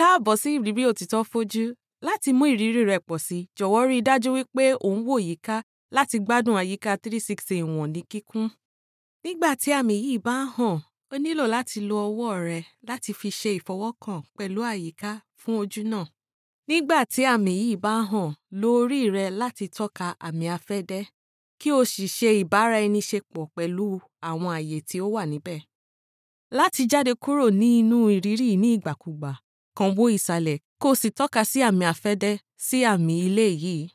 káàbọ̀ sí ìrírí òtítọ́ fojú láti mú ìrírí rẹ pọ̀ sí jọ̀wọ́ rí i dájú wípé ò ń wò yíká láti gbádùn àyíká 360 ìwọ̀n ní kíkún. nígbà tí àmì yìí bá ń hàn o nílò láti lo ọwọ́ rẹ láti fi ṣe ìfọwọ́kàn pẹ̀lú àyíká fún ojú náà. nígbà tí àmì yìí bá ń hàn lo orí rẹ láti tọ́ka àmì afẹ́dẹ́ kí o sì ṣe ìbáraẹniṣepọ̀ pẹ̀lú àwọn àyè tí ó wà níbẹ̀. láti jáde kúrò ní inú ìrírí ní ìgbàkúgbà kan wo ìsàlẹ̀ kó o sì tọ́ka sí àmì àfẹ̀dẹ sí àmì ilé yìí.